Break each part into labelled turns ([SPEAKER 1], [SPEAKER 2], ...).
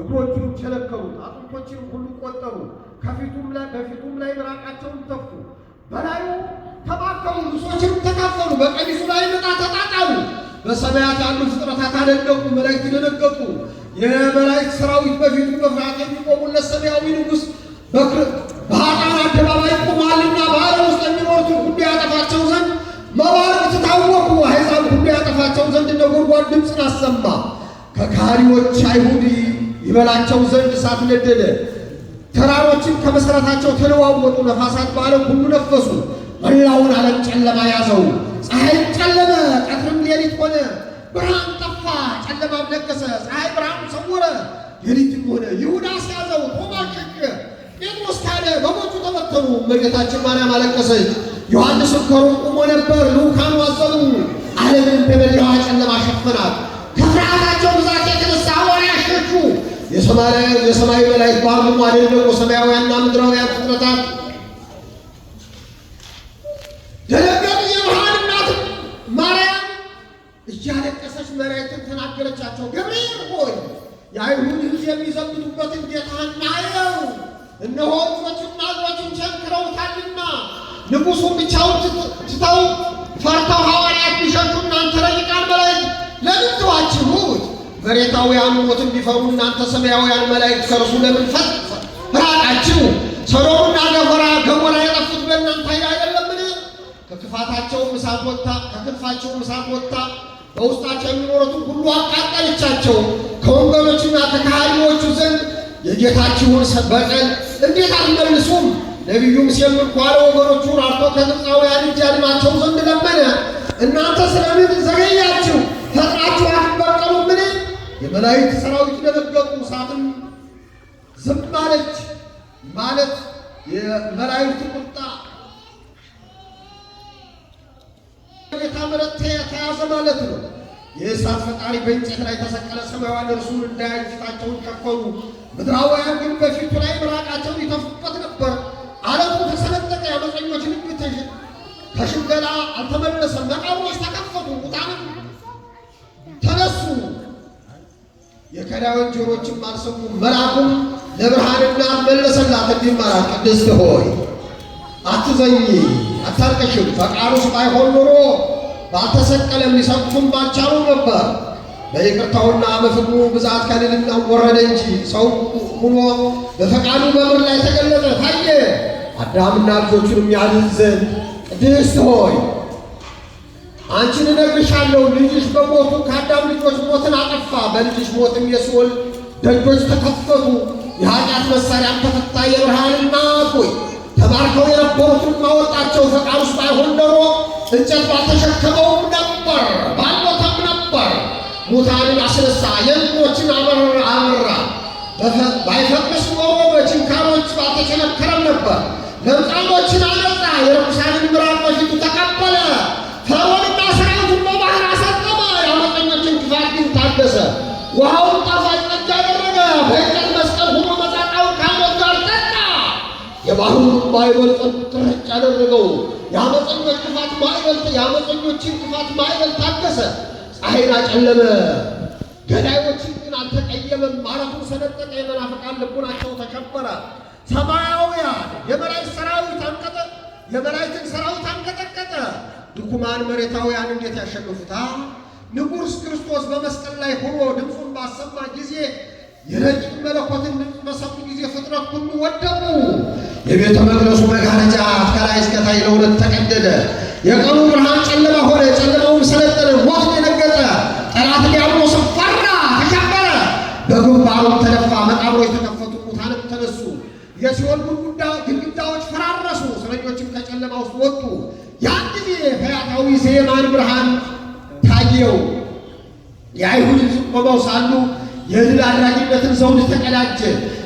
[SPEAKER 1] እግሮቹን ቸለከሉት፣ አጥንቶችን ሁሉ ቆጠሩ። ከፊቱም ላይ በፊቱም ላይ ምራቃቸውን ተፉ። በላዩ ተባከሩ፣ ልብሶችንም ተካፈሉ። በቀሚሱ ላይ ምጣ ተጣጣሉ። በሰማያት ያሉ ፍጥረታት አደነቁ፣ መላእክት ደነገጡ። የመላእክት ሰራዊት በፊቱ በፍርሃት የሚቆሙለት ሰማያዊ ንጉሥ በኃጢአን አደባባይ ቆሟልና በዓለም ውስጥ የሚኖሩትን ሁሉ ያጠፋቸው ዘንድ መባረቅ ታወቁ። አሕዛብ ሁሉ ያጠፋቸው ዘንድ ነጎድጓድ ድምፅን አሰማ። ከካሪዎች አይሁድ ይበላቸው ዘንድ እሳት ነደደ። ተራሮችን ከመሠረታቸው ተለዋወጡ። ነፋሳት በዓለም ሁሉ ነፈሱ። መላውን ዓለም ጨለማ ያዘው። ፀሐይ ጨለመ፣ ቀትርም ሌሊት ሆነ። ብርሃን ጠፋ፣ ጨለማም ነገሰ። ፀሐይ ብርሃን ሰወረ፣ ሌሊትም ሆነ። ይሁዳ ሲያዘው፣ ቶማ ሸቀ፣ ጴጥሮስ ካደ፣ በሞቱ ተበተኑ። እመቤታችን ማርያም አለቀሰች። ዮሐንስ እንከሩን ቆሞ ነበር። ልዑካን አዘኑ። ዓለምን በመላዋ ጨለማ ሸፈናት። የሰማይ መላእክት ባርሙ አደነቁ። ሰማያውያንና ምድራውያን ፍጥረታት ደነገጡ። የብርሃን እናት ማርያም እያለቀሰች መላእክትን ተናገረቻቸው። ገብርኤል ሆይ የአይሁድ ሕዝብ የሚዘብቱበትን ጌታህን ናየው፣ እነሆ እጆቹና እግሮቹን ቸንክረውታልና፣ ንጉሱን ብቻውን ትተው ፈርተው ሐዋርያት ቢሸሹ እናንተ ረቂቅ መሬታውያን ሞትን ቢፈሩ እናንተ ሰማያውያን መላእክት ከእርሱ ለምን ፈጥ ራቃችሁ? ሰዶምና ገሞራ ገሞራ የጠፉት በእናንተ ኃይል አይደለምን? ከክፋታቸው እሳት ወጥታ ከክንፋቸው እሳት ወጥታ በውስጣቸው የሚኖሩትን ሁሉ አቃጠለቻቸው። ከወንበሮችና ከካህዲዎቹ ዘንድ የጌታችሁን በቀል እንዴት አትመልሱም? ነቢዩም ኳለ ወገኖቹን አርቶ ከግብፃውያን እጅ ያድናቸው ዘንድ ለመነ። እናንተ ስለምን ዘገያችሁ? ፈጥናችሁ መላእክት ሰራዊት ደነገጡ፣ እሳትም ዝም አለች። ማለት የመላእክት ቁጣ ጌታ ምሕረት ተያዘ ማለት ነው። የእሳት ፈጣሪ በእንጨት ላይ ተሰቀለ። ሰማያውያን እርሱን እንዳያዩ ፊታቸውን ጨፈኑ፣ ምድራውያን ግን በፊቱ ላይ ምራቃቸውን ይተፉበት ነበር። ዓለሙ ተሰነጠቀ፣ የአመፀኞች ልብ ተሽንገላ አልተመለሰም። መቃብሮች ተከፈቱ። የከዳዮች ጆሮችም አልሰሙም። መልአኩም ለብርሃንና መለሰላት እንዲህ አላት፣ ቅድስት ሆይ አትዘኝ፣ አታልቅሽም። ፈቃዱስ ባይሆን ኖሮ ባልተሰቀለም ሊሰሙትም ባልቻሉ ነበር። በይቅርታውና በፍቅሩ ብዛት ከልልናው ወረደ እንጂ ሰው ሁኖ በፈቃዱ በምድር ላይ ተገለጠ፣ ታየ። አዳምና ልጆቹንም ያድን ዘንድ ቅድስት ሆይ አንቺን እነግርሻለሁ ልጅሽ በሞቱ ከአዳም ልጆች ሞትን አጠፋ። በልጅሽ ሞትም የሲኦል ደጆች ተከፈቱ፣ የኃጢአት መሳሪያም ተፈታ። የብርሃን እናት ሆይ ተባርከው የነበሩትን ማወጣቸው ፈቃድ ውስጥ አይሆን ደሮ እንጨት ባልተሸከመውም ነበር፣ ባልሞተም ነበር። ሙታንን አስነሳ፣ የዕውሮችን አበራ። ባይፈቅስ ኖሮ በችንካሮች ባልተቸነከረም ነበር። ለምጻሞችን አነጻ፣ የረኩሳንን ምራቅ በፊቱ ተቀበለ። አለበሰ፣ ውሃውን ጣፋጭ ጠጅ አደረገ። በእንጨት መስቀል ሆኖ መጻጣውን ከአሞት ጋር ጠጣ። የባህሩን ማዕበል ጥርጭ አደረገው። የአመፀኞች ክፋት ማዕበል የአመፀኞችን ክፋት ማዕበል ታገሰ። ፀሐይን አጨለመ፣ ገዳዮችን ግን አልተቀየመም። ማረፉን ሰነጠቀ። የመናፍቃን ልቡናቸው ተከበረ። ሰማያውያን የመላእክት ሰራዊት አንቀጠ የመላእክትን ሰራዊት አንቀጠቀጠ። ድኩማን መሬታውያን እንዴት ያሸንፉታ? ንጉሥ ክርስቶስ በመስቀል ላይ ሆኖ ድምፁን ባሰማ ጊዜ የረቂቅ መለኮትን ድምፅ በሰሙ ጊዜ ፍጥረት ሁሉ ወደቁ። የቤተ መቅደሱ መጋረጃ ከላይ እስከ እስከታይ ለሁለት ተቀደደ። የቀኑ ብርሃን ጨለማ ሆነ፣ ጨለማውም ሰለጠነ። ሞት ደነገጠ። ጠላት ዲያብሎስም ፈራ፣ ተሸበረ፣ በግንባሩም ተደፋ። መቃብሮች ተከፈቱ፣ ሙታንም ተነሱ። የሲኦል ግድግዳዎች ፈራረሱ፣ እስረኞችም ከጨለማ ውስጥ ወጡ። ያን ጊዜ ሕያው ዘየማን ብርሃን አየው። የአይሁድ ሕዝብ ቆመው ሳሉ የድል አድራጊነትን ሰው ልጅ ተቀዳጀ።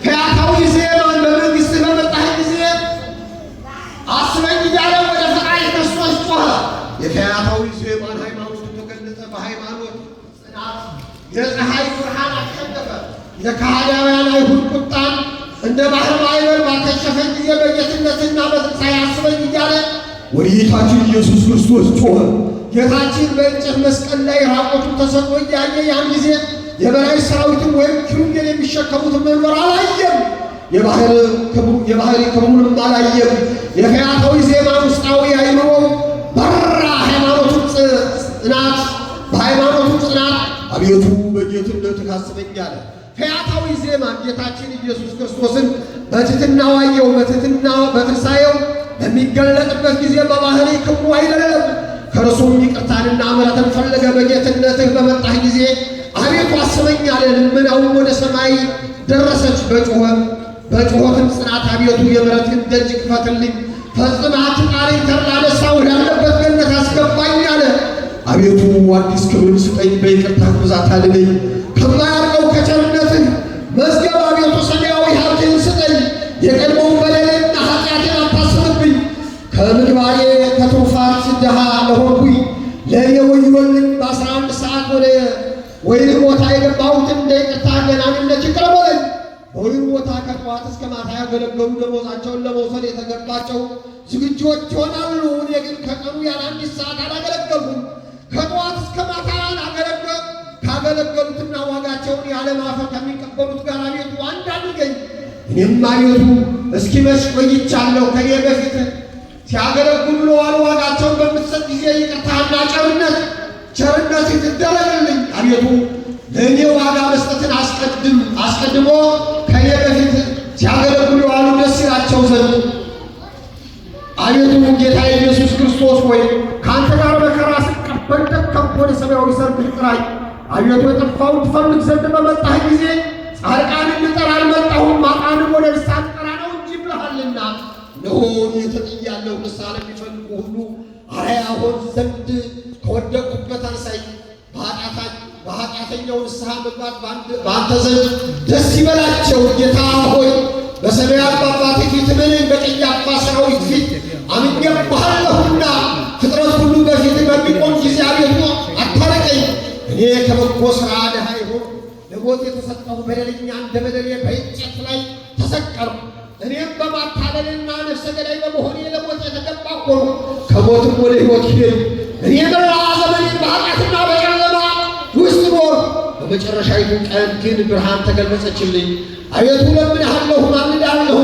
[SPEAKER 1] ከያታው ጊዜ በመንግስት በመጣህ ጊዜ አስበኝ እያለ ወደ ፈጣሪ ክርስቶስ ጮኸ። የከያታው ጊዜ ማን ሃይማኖቱ ተገለጠ። በሃይማኖት ጽናት የፀሐይ ብርሃን አሸነፈ። የካህናውያን አይሁድ ቁጣን እንደ ባህር ማዕበል ባከሸፈ ጊዜ በጌትነትና በትንሣኤ አስበኝ እያለ ወደ ጌታችን ኢየሱስ ክርስቶስ ጮኸ። ጌታችን በእንጨት መስቀል ላይ ራቆቱን ተሰቅሎ እያየ ያን ጊዜ የበላይ ሰራዊትን ወይም ኪሩቤል የሚሸከሙትን መንበር አላየም። የባህሪ ክብሩንም አላየም። የፈያታዊ ዜማ ውስጣዊ አይምሮ በራ። ሃይማኖቱ ጽናት በሃይማኖቱ ጽናት አቤቱ በጌትነት ታስበኛለህ። ፈያታዊ ዜማ ጌታችን ኢየሱስ ክርስቶስን በትትና ዋየው በትትና በትንሣኤው በሚገለጥበት ጊዜ በባህሪ ክቡ አይደለም ከእርሱም ይቅርታንና ምሕረትን ፈለገ። በጌትነትህ በመጣህ ጊዜ አቤቱ አስበኝ አለ። ልመናውም ወደ ሰማይ ደረሰች። በጩኸት በጩኸትም ጽናት አቤቱ የምሕረትህን ደጅ ክፈትልኝ፣ ፈጽማት አትጣለኝ፣ ተራለሳ ወዳለበት ገነት አስገባኝ አለ። አቤቱ አዲስ ክብርን ስጠኝ፣ በይቅርታህ ብዛት አድነኝ፣ ከማያልቀው ከቸርነትህ መዝገብ አቤቱ ሰ ወይን ቦታ የገባሁትን እንደ ይቅርታ ገናንነት ይቅር በወይን ቦታ ከጠዋት እስከ ማታ ያገለገሉ ደሞዛቸውን ለመውሰድ የተገባቸው ዝግጁዎች ይሆናሉ። እኔ ግን ከቀኑ ያለ አንዲት ሰዓት አላገለገልኩም። ከጠዋት እስከ ማታ አላገለገል ካገለገሉትና ዋጋቸውን ያለ ማፈር ከሚቀበሉት ጋር አቤቱ አንድ አድርገኝ። እኔም አቤቱ እስኪመሽ ቆይቻለሁ። ከኔ በፊት ሲያገለግሉ ለዋሉ ዋጋቸውን በምትሰጥ ጊዜ ይቅርታና ጨርነት ቸርነት ትደረግልኝ አቤቱ ለእኔ ዋጋ መስጠትን አስቀድም አስቀድሞ ከኔ በፊት ሲያገለግሉ የዋሉ ደስ ይላቸው ዘንድ አቤቱ ጌታ ኢየሱስ ክርስቶስ ወይ ከአንተ ጋር መከራ ስቀበል ወደ ሰማያዊ ሰርግ ጥራኝ። አቤቱ የጠፋውን ትፈልግ ዘንድ በመጣህ ጊዜ ጻድቃንን ልጠራ አልመጣሁም፣ ኃጥአንን ወደ ንስሐ ልጠራ ነው እንጂ ብለሃልና። እነሆ እኔ ተጥያለሁ፣ ንስሐ ለሚፈልጉ ሁሉ አርአያ ሆን ዘንድ ከወደቁበት አንሳኝ፣ በኃጢአተኛው ንስሐ መግባት በአንተ ዘንድ ደስ ይበላቸው። ጌታ ሆይ በሰማያት አባቴ ፊት ምንም በቀያፋ ሰራዊት ፊት አምኜብሃለሁና ፍጥረት ሁሉ በፊት በሚቆም ጊዜ አቤቱ አታርቀኝ። እኔ ከበጎ ሥራ ድሃ ይሁን ለሞት የተሰጠሁ በደለኛ እንደ በደሌ በእንጨት ላይ ተሰቀልኩ። እኔም በማታለልና ነፍሰ ገዳይ በመሆኔ ለሞት የተገባሁ ሆንኩ። ከሞትም ወደ ሕይወት ሄድኩ። እኔ የበረሃ ዘመን በኃጢአትና በጨለማ ውስጥ ኖር። በመጨረሻይቱ ቀን ግን ብርሃን ተገለጸችልኝ። አቤቱ ለምንሃለሁ፣ ማልዳለሁ።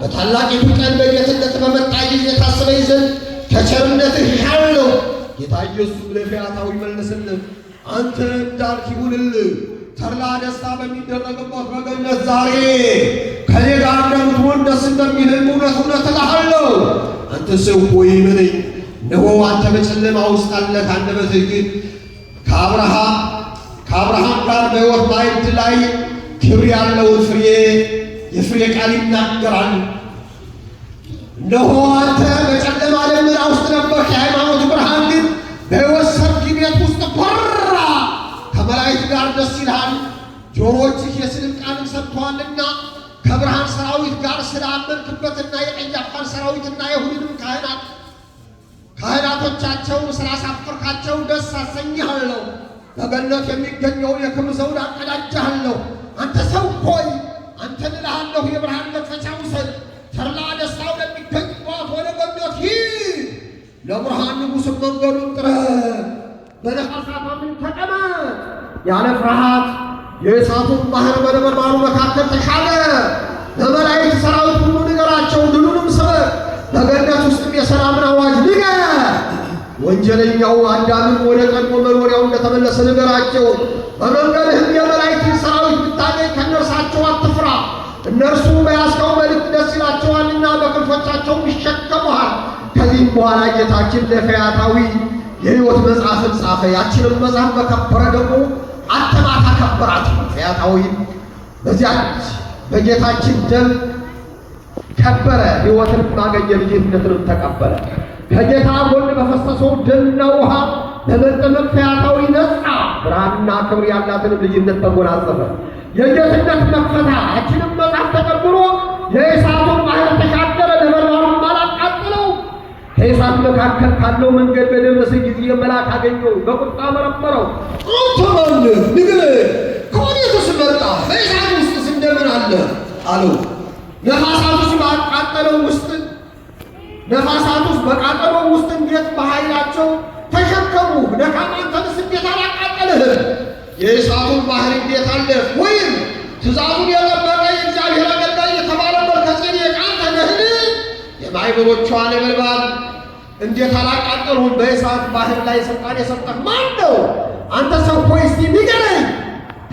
[SPEAKER 1] በታላቂቱ ቀን በጌትነት በመጣ ጊዜ ታስበኝ ዘንድ ከቸርነትህ እሻለሁ። ጌታ ኢየሱስ ለፊያታው ይመልስልን። አንተ እንዳልክ ይሁንልህ። ተድላ ደስታ በሚደረግበት በገነት ዛሬ ከኔ ጋር እንደምትሆን ደስ እንደሚልህ እውነት እውነት እልሃለሁ። አንተ ሰው ሆይ በለኝ እነሆ አንተ በጨለማ ውስጥ አለህ፣ አንደበትህ ግን ከአብርሃም ከአብርሃም ጋር በሕይወት ማዕድ ላይ ክብር ያለውን ፍሬ የፍሬ ቃል ይናገራል። እነሆ አንተ በጨለማ ደመና ውስጥ ነበርክ፣ የሃይማኖት ብርሃን ግን በሕይወት ሰፊ ቤት ውስጥ ኮራ። ከመላእክት ጋር ደስ ይልሃል፣ ጆሮችህ የስድብ ቃልን ሰምተዋልና ከብርሃን ሰራዊት ጋር ስለ አመንክበትና የቀያፋን ሰራዊትና የሁሉንም ካህናት ካህናቶቻቸው ስላሳፈርካቸው ደስ አሰኝሃለሁ፣ በገነት የሚገኘውን የክብ ዘውድ አቀዳጀሃለሁ። አንተ ሰው ሆይ አንተ እልሃለሁ፣ የብርሃን መክፈቻ ውሰድ፣ ተድላ ደስታው ለሚገኝባት ወደ ገነት ሂድ። ለብርሃን ንጉሥ መንገዱን ጥረግ፣ በነሐስ ተቀመጥ፣ ያለ ፍርሃት የእሳቱን ባህር በነበልባሉ መካከል ተሻለ። ለመላእክት ሰራዊት ሁሉ ንገራቸው፣ ድሉንም ስበክ፣ በገነት ውስጥም የሰላምን አዋጅ ንገር። ወንጀለኛው አዳምም ወደ ቀድሞ መኖሪያው እንደተመለሰ ነገራቸው በመንገድህም የመላእክትን ሰራዊት ብታገኝ ከነርሳቸው አትፍራ፣ እነርሱ በያዝከው መልእክት ደስ ይላቸዋልና በክንፎቻቸውም ይሸከሙሃል። ከዚህም በኋላ ጌታችን ለፈያታዊ የሕይወት መጽሐፍን ጻፈ። ያችንም መጽሐፍ በከበረ ደግሞ አተማት አከበራት። ፈያታዊም በዚያች በጌታችን ደም ከበረ፣ ሕይወትን ማገኘ፣ ልጅነትንም ተቀበለ። ከጌታ ጎን በፈሰሰው ደምና ውሃ በመጠመቅ ፈያታዊ ይነጻ ብርሃንና ክብር ያላትን ልጅነት ተጎናጸፈ። የጌትነት መፈታ አችንም መጽሐፍ ተቀብሮ የእሳቱን ባህር ተሻገረ። ነበልባሉም አላቃጠለው። ከእሳት መካከል ካለው መንገድ በደረሰ ጊዜ መልአክ አገኘው፣ በቁጣ መረመረው። አንተ ማን ንግል፣ ከወዴትስ መጣ? በእሳት ውስጥ ስንደምን አለ አለው። ነፋሳቱ ባቃጠለው ውስጥ ነፋሳት ውስጥ በቃጠሎ ውስጥ እንዴት በኃይላቸው ተሸከሙ። ደካማን ተንስ እንዴት አላቃጠልህም? የእሳቱን ባህር እንዴት አለ? ወይም ትእዛዙን የጠበቀ የእግዚአብሔር አገልጋይ የተባለ መልከጼዴቅ የቃንተ ነህን? የማዕበሎቿ ነበልባል እንዴት አላቃጠሉን? በእሳት ባህር ላይ ስልጣን የሰጠህ ማን ነው? አንተ ሰው ሆይ እስቲ ንገረኝ።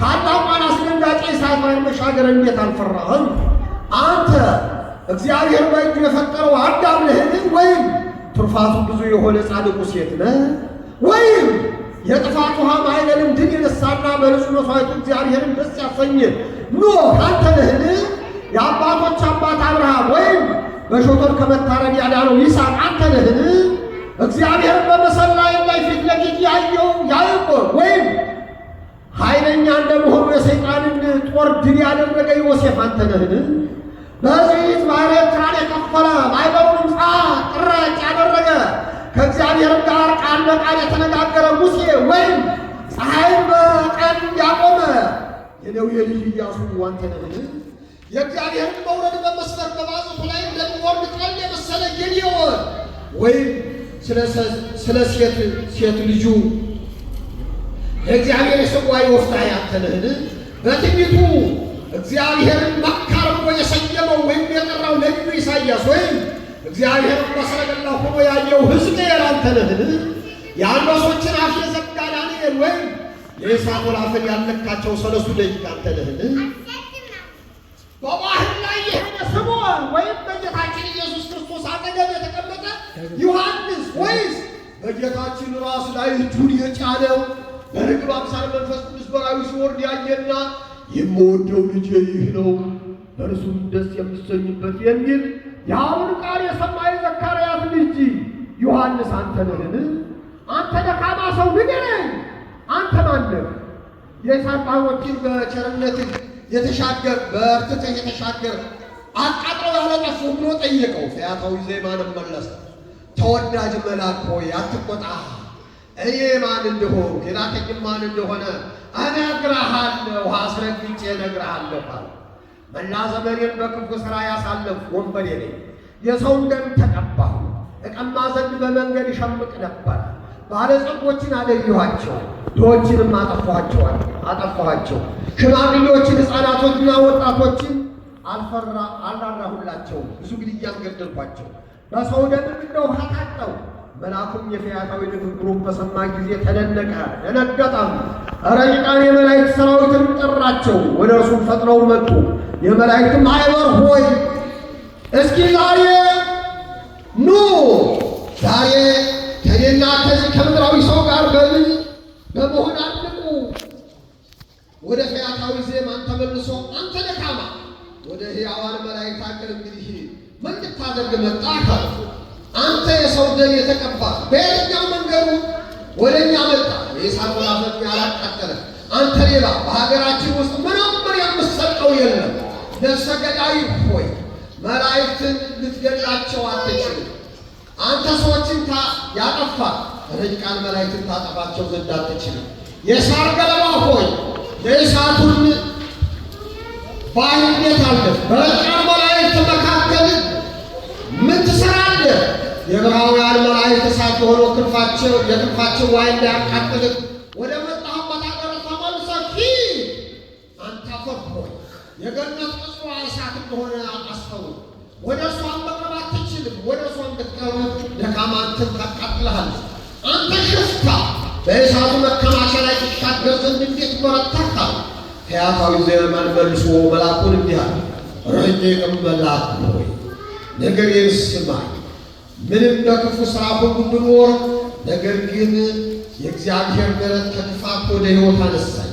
[SPEAKER 1] ታላቋን አስደንጋጭ የእሳት ባህር መሻገር እንዴት አልፈራህም? አንተ እግዚአብሔር በእጁ የፈጠረው አዳም ነህን? ወይም ትርፋቱ ብዙ የሆነ ጻድቁ ሴት ነህ? ወይም የጥፋት ውሃ ማዕበልን ድን የነሳና በንጹሕ መስዋዕቱ እግዚአብሔርን ደስ ያሰኘ ኖ አንተ ነህን? የአባቶች አባት አብርሃም ወይም በሾተር ከመታረድ ያዳነው ይስሐቅ አንተ ነህን? እግዚአብሔርን በመሰላዬ ላይ ፊት ለፊት ያየው ያዕቆብ ወይም ኃይለኛ እንደመሆኑ የሰይጣንን ጦር ድል ያደረገ ዮሴፍ አንተ ነህን? በዚህ ባህረ ኤርትራን የከፈለ ማዕበሉንም ፀ ያደረገ ከእግዚአብሔርም ጋር ቃል በቃል የተነጋገረ ሙሴ ወይም ፀሐይን በቀን ያቆመ የነዌ ልጅ ኢያሱ አንተ ነህን? የእግዚአብሔርን መውረድ በመስፈር በማጽፉ ላይ እንደሚወርድ ጠል የመሰለ ጌዴዎን ወይም ስለ ሴት ሴት ልጁ የእግዚአብሔር የሰዋይ ወፍታ ያንተ ነህን? እግዚአብሔርን መካ አድርጎ የሰየመው ወይም የጠራው ነቢዩ ኢሳይያስ ወይም እግዚአብሔር በሰረገላ ሆኖ ያየው ሕዝቅኤል አንተ ነህን? የአንበሶችን አፍ የዘጋ ዳንኤል ወይም የእሳቱን አፍን ያለካቸው ሰለስቱ ደቂቅ አንተ ነህን? በባህር ላይ የሆነ ስምዖን ወይም በጌታችን ኢየሱስ ክርስቶስ አጠገብ የተቀመጠ ዮሐንስ ወይስ በጌታችን ራስ ላይ እጁን የጫነው በርግብ አምሳል መንፈስ ቅዱስ በራዊ ሲወርድ ያየና የምወደው ልጄ ይህ ነው በእርሱም ደስ የምትሰኙበት የሚል የአሁን ቃል የሰማ የዘካርያስ ልጅ ዮሐንስ አንተ ነህን? አንተ ደካማ ሰው ንገረኝ፣ አንተ ማነህ? የሳጣኖችን በቸርነት የተሻገር በእርትት የተሻገር አቃጥለው ያለቀሱ ብሎ ጠየቀው። ፈያታዊ ዜማንም መለሰ፣ ተወዳጅ መልአክ ሆይ አትቆጣ፣ እኔ ማን እንደሆ የላከኝ ማን እንደሆነ እነግርሃለሁ፣ አስረግጬ እነግርሃለሁ አለ። መላ ዘመኔን በክፉ ሥራ ያሳለፍ ወንበዴ ነኝ። የሰውን ደም ተቀባሁ፣ እቀማ ዘንድ በመንገድ ይሸምቅ ነበር። ባለጸጎችን አለየኋቸው፣ ድሆችንም አጠፋኋቸዋል አጠፋኋቸው። ሽማግሌዎችን፣ ሕፃናቶችና ወጣቶችን አልፈራ አልራራሁላቸው። ብዙ ግድያ እያስገደልኳቸው በሰው ደምም እንደ ውሃ ነው። መልአኩም የፈያታዊ ንግግሩን በሰማ ጊዜ ተደነቀ፣ ደነገጠም። ረቂቃን የመላእክት ሰራዊትን ጠራቸው፣ ወደ እርሱም ፈጥነው መጡ። የመላእክት አይበር ሆይ እስኪ ዛሬ ኑ ዛሬ ከኔና ከዚህ ከምድራዊ ሰው ጋር በምን በመሆን አድቁ ወደ ሕያታዊ ዜማን ተመልሶ አንተ ደካማ ወደ ሕያዋን መላእክት አገር እንግዲህ ምን ልታደርግ መጣህ? አንተ የሰው ደም የተቀባ በየትኛው መንገዱ ወደ እኛ መጣ? የሳሙላ ወላፈት ያላቃጠለ አንተ ሌላ በሀገራችን ውስጥ ምንም ምን የምትሰጠው የለም። ነፍሰገዳይ ሆይ መላእክትን ልትገላቸው አትችልም። አንተ ሰዎችን ያጠፋ ረቂቃን መላእክትን ታጠፋቸው ዘንድ አትችልም። የሳር ገለባ ሆይ የእሳቱን ባይነት አለ በረቂቃን መላእክት መካከል ምን ትሰራለህ? የብርሃውያን መላእክት እሳት የሆነው ክንፋቸው የክንፋቸው ዋይ እንዳያቃጥልህ ወደ የገነት ጽዋ እሳት እንደሆነ አስተውል። ወደ እሷን መቅረብ አትችልም። ወደ እሷን ብትቀርብ አንተ ሽፍታ በእሳቱ መከማቻ ላይ ትሻገር ዘንድ እንዴት በረታታ? ሕያታዊ ዘየማን መልሶ መልአኩን እንዲህ አለ፣ ረቂቅም መልአክ ሆይ ነገሬን ስማኝ። ምንም በክፉ ሥራ ብኖር፣ ነገር ግን የእግዚአብሔር ምሕረት ከክፋት ወደ ሕይወት አነሳኝ